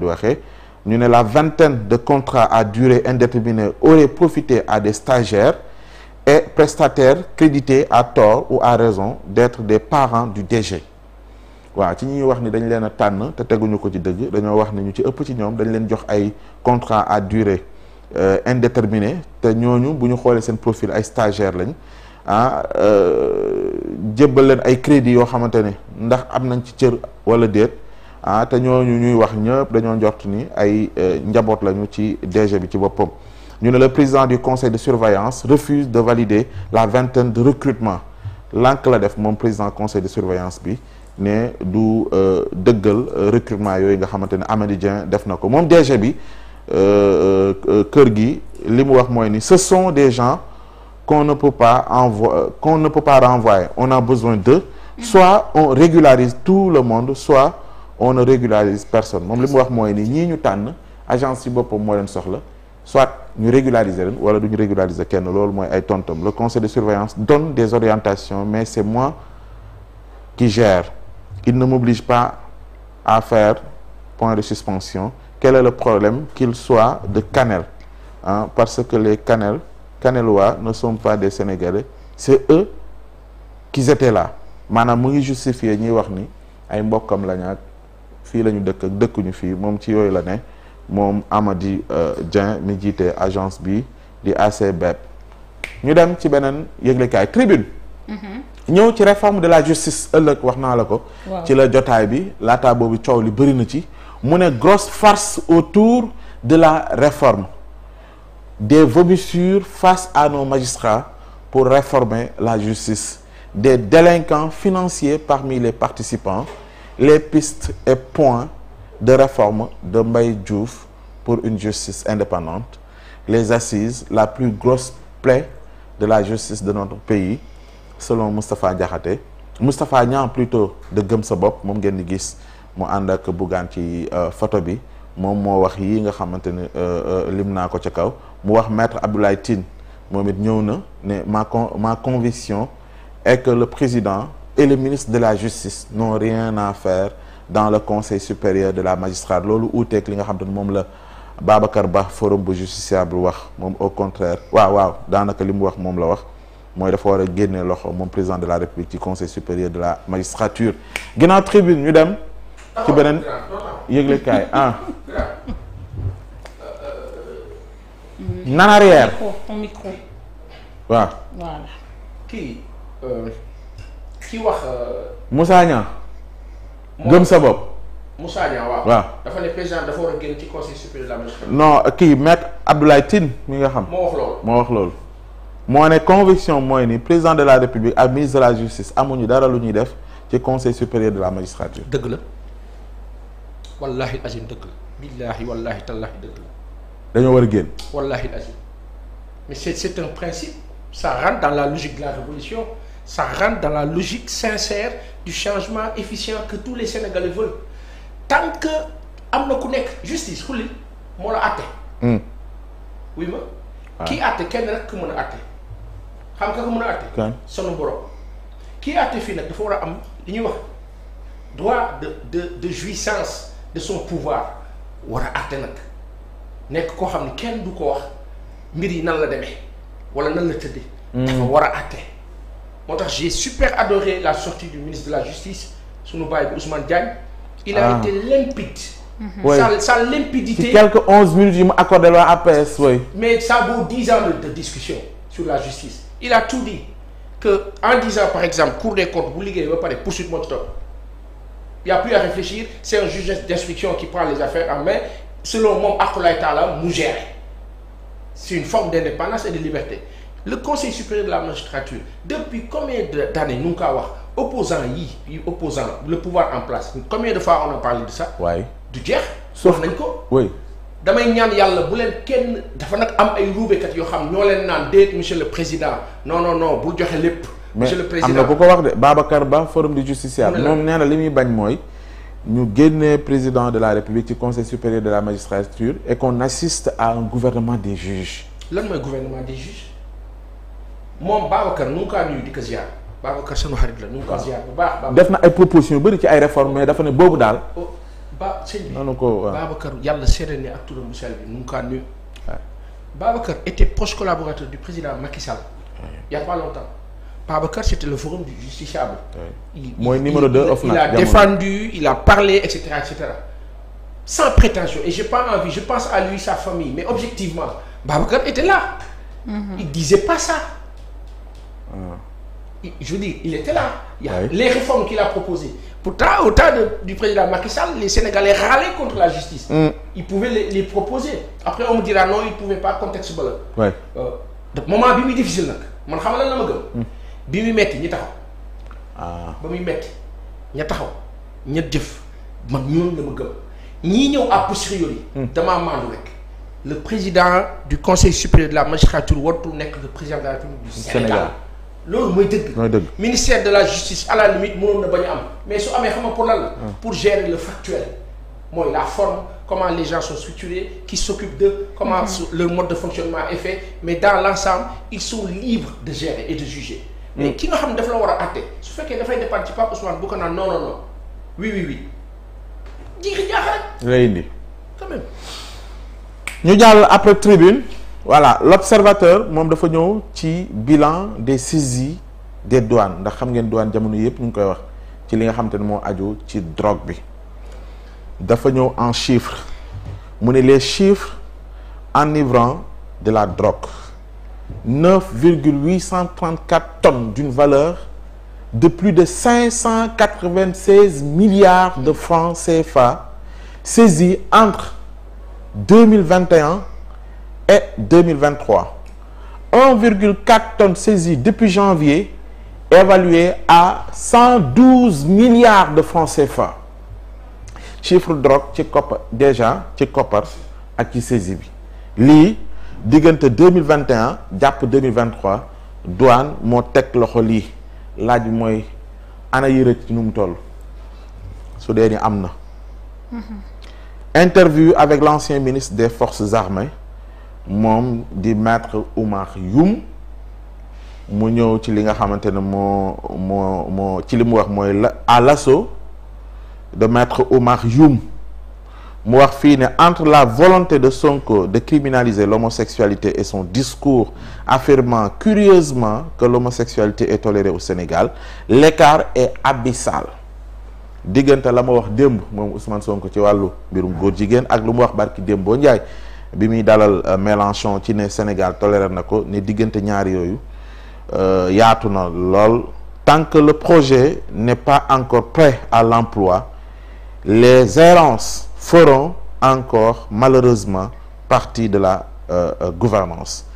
di ñu ne la vingtaine de contrat à durée indéterminée auraient profité à des stagiaires et prestataires crédités à tort ou à raison d'être des parents du DG waaw ci ñuy wax ni dañ leen a tànn te teguñu ko ci dëgg dañoo wax ni ñu ci ëpp ci ñoom dañ leen jox ay contrat à durée euh, indéterminée te ñooñu bu ñu xoolee seen profil ay stagiaires lañ ah euh, jébbal leen ay crédits yoo xamante ne ndax am nañ ci cër wala déet ah te ñu ñuy wax ñëpp dañoo njort ni ay euh, njaboot lañu ci DG bi ci boppam ñu ne la président du conseil de surveillance refuse de valider la vingtaine de recrutement lànk la def moom président conseil de surveillance bi ne du euh, dëggal euh, recrutement yooyu nga xamante ne Amady Dieng def na ko moom DG bi kër gi li mu wax mooy ni ce sont des gens kon ne peut pas envoyer qu'on ne peut pas renvoyer on a besoin d'eux mm-hmm. soit on régularise tout le monde soit on ne régularise personne moom li mu wax mooy ni ñii ñu tànn agence ci boppam moo leen soxla soit ñu régulariser leen wala du ñu régulariser kenn loolu mooy ay tontam le conseil de surveillance donne des orientations mais c'est moi qui gère il ne m'oblige pas à faire point de suspension quel est le problème qu'il soit de Kanel ah parce que les Kanel Kanelois ne sont pas de Sénégalais c'est eux qui étaient là maanaam mu ngi justifier ñuy wax ni ay mbokkam lañu ak fii la ñu dëkk ak dëkkuñu fii moom ci yooyu la ne moom Amady euh, Dieng mi jiite agence bi di ACBEP ñu dem ci beneen yëglekaay tribune mm-hmm. ñëw ci réforme de la justice ëllëg wax naa la ko ci la jotaay bi laataa boobu coow li bëri na ci mu ne grosse farce autour de la réforme des vomissures face à nos magistrats pour réformer la justice des délinquants financiers parmi les participants les pistes et points de réforme de mbay Diouf pour une justice indépendante les assises la plus grosse plaie de la justice de notre pays selon Moustapha Diakhaté Moustapha Niang plutôt de gëm sa bopp moom ngeen di gis mu ànd ak Bougane ci euh, photo bi moom moo wax yi nga xamante ne euh, euh, lim naa ko ca kaw mu wax maître Abdoulaye Tine moom it ñëw na ne ma con ma conviction est que le président et le ministre de la justice n'ont rien à faire dans le conseil supérieur de la magistrature loolu uuteeg li nga xam te ne moom la Babacar Ba forum bu justiciable wax moom au contraire waaw waaw daanaka li mu wax moom la wax mooy dafa war a génne loxo moom président de la république ci conseil supérieur de la magistrature ginnaaw tribune ñu dem ci beneen yëglekaay ah nan mmh. arrière micro waaw euh, ki wax. Euh, Moussa Niang. gëm sa bopp. Moussa Niang waaw. waaw dafa ne président dafa war a génn ci conseil supérieur de la magistrature. non kii maître Abdoulaye Tine mi nga xam. moo wax loolu moo wax loolu. moo ne conviction mooy ni président de la république ak ministre de la justice amuñu dara lu ñuy def ci conseil supérieur de la magistrature. dëgg la wallaahi azim dëgg la. billaahi wallaahi tallaahi dëgg la. dañoo war a génn. wallaahi azim mais c'est c'est un principe ça rentre dans la logique de la révolution ça rentre dans la logique sincère du changement efficient que tous les Sénégalais veulent tant que am na ku nekk justice xulli moo la àtte hmm. oui ma ah. kii àtte kenn rek ku mën a àtte xam nga ko mën a àtte sunu borom kii àtte fii nag dafa war a am li ñuy wax droit de de de jouissance de son pouvoir war a àtte nag nekk koo xam ne kenn du ko wax mbir yi nan la demee wala nan la tëddee hmm. dafa war a àtte moo tax j'ai super adoré la sortie du ministre de la justice sunu baay bi Ousmane Diagne. il a ah. été limpide. Mhm. oui sa sa limpidité ci quelques onze accordé la APS oui. mais ça vaut dix ans de discussion sur la justice il a tout dit que en disant par exemple cour des comptes bu liggéey ba pare poursuite moo ci y a plus à réfléchir c'est un juge d'instruction qui prend les affaires en main selon moom akulaay taala mu gère c'est une forme de liberté le conseil supérieur de la magistrature depuis combien d'années ñu ngi wax opposant yi opposant le pouvoir en place combien de fois on a parlé de ça waaye du jeex wax nañ ko oui damay ñaan yàlla bu leen kenn dafa nag am ay ruubekat yoo xam ñoo leen naan déet monsieur le président non non non bul joxe lépp monsieur le président am na ku Ba forum du justiciable moom nee na li muy bañ mooy ñu génnee président de la république ci conseil supérieur de la magistrature et qu'on assiste à un gouvernement lan mooy gouvernement des juges moom Babacar nu nga kaa nuyu di ko ziar Babacar sunu xarit la nu nga kaa bu baax. def na ay proposition bëri ci ay réformes mais dafa ne boobu daal. Oh, ba sëñ bi noonu ko waaw yàlla seede ne ak turam bu sell bi nu nga kaa nuyu. waaw était proche collaborateur du président Macky Sall. il a pas longtemps. Babacar c'était le forum du justiciable. mooy numéro 2 OFNAC il a défendu il a parlé et cetera sans prétention et j'ai pas envie je pense à lui sa famille mais objectivement je veux dire il était là. Il y a oui. les réformes qu'il a proposées. au temps de, du président Macky Sall les Sénégalais râlaient contre la justice. Mm. ils pouvaient les, les proposer après on me dira non ils pouvaient pas contexte ba la. Euh, bi muy difficile nag man xam lan la ma gëm. Mm. bi muy metti ñi taxaw. ah ba muy metti ña taxaw ña jëf man ñooñu la ma gëm ñii ñëw à posteriori yi. Mm. damaa maandu rek. le président du conseil supérieur de la magistrature wartu nekk le président de la République Sénégal. loolu mooy dëgg. mooy dëgg ministère de la justice à la moo mënoon na bañ am mais su amee xam nga pour lan la. Ah. pour gérer le factuel. mooy la forme comment les gens sont structurés qui s'occupent d'eux comment mmh. mode de fonctionnement est fait mais dans l'ensemble ils sont libres de gérer et de juger mais mm. ki nga xam ne daf la war a àtte su fekkee dafay dépendre ci Pape Ousmane bu ko naan non non non oui oui oui jiixi jaax indi quand ñu jàll après tribune voilà l'observateur moom dafa ñëw ci bilan des saisies des douanes ndax xam ngeen douane jamono yëpp ñu ngi koy wax ci li nga xam te ne moo ajo ci drogue bi dafa ñëw en chiffres mu ne les en enivrants de la drogue neuf virgule huit cent trente quatre tonnes d'une valeur de plus de cinq cent quatre vingt seize milliards de francs CFA saisis entre deux mille vingt et 2023 1,4 tonnes saisies depuis janvier évaluées à 112 milliards de francs CFA chiffre drogue ci koppar déjà ci koppar ak ci saisie bi lii diggante 2021 jàpp 2023 douane moo teg loxo lii laaj bi mooy ana yi rëcc toll su dee ni am na mhm. interview avec l'ancien ministre des forces armées moom di maître Oumar Youm mu ñëw ci li nga xamante ne moo moo moo ci li mu wax mooy la à l'assaut de maître Oumar Youm mu wax fii ne entre la volonté de Sonko de criminaliser l'homosexualité et son discours affirmant curieusement que l'homosexualité est tolérée au Sénégal l'écart est abyssal diggante la ma wax démb moom Ousmane Sonko ci wàllu mbirum góor jigéen ak lu mu wax barki démb boo njaay bi muy dalal euh, Mélenchon ci ne Sénégal toléré na ko ni diggante ñaar yooyu euh, yaatu na lool tant que le projet n'est pas encore prêt à l'emploi les errances feront encore malheureusement partie de la euh, euh gouvernance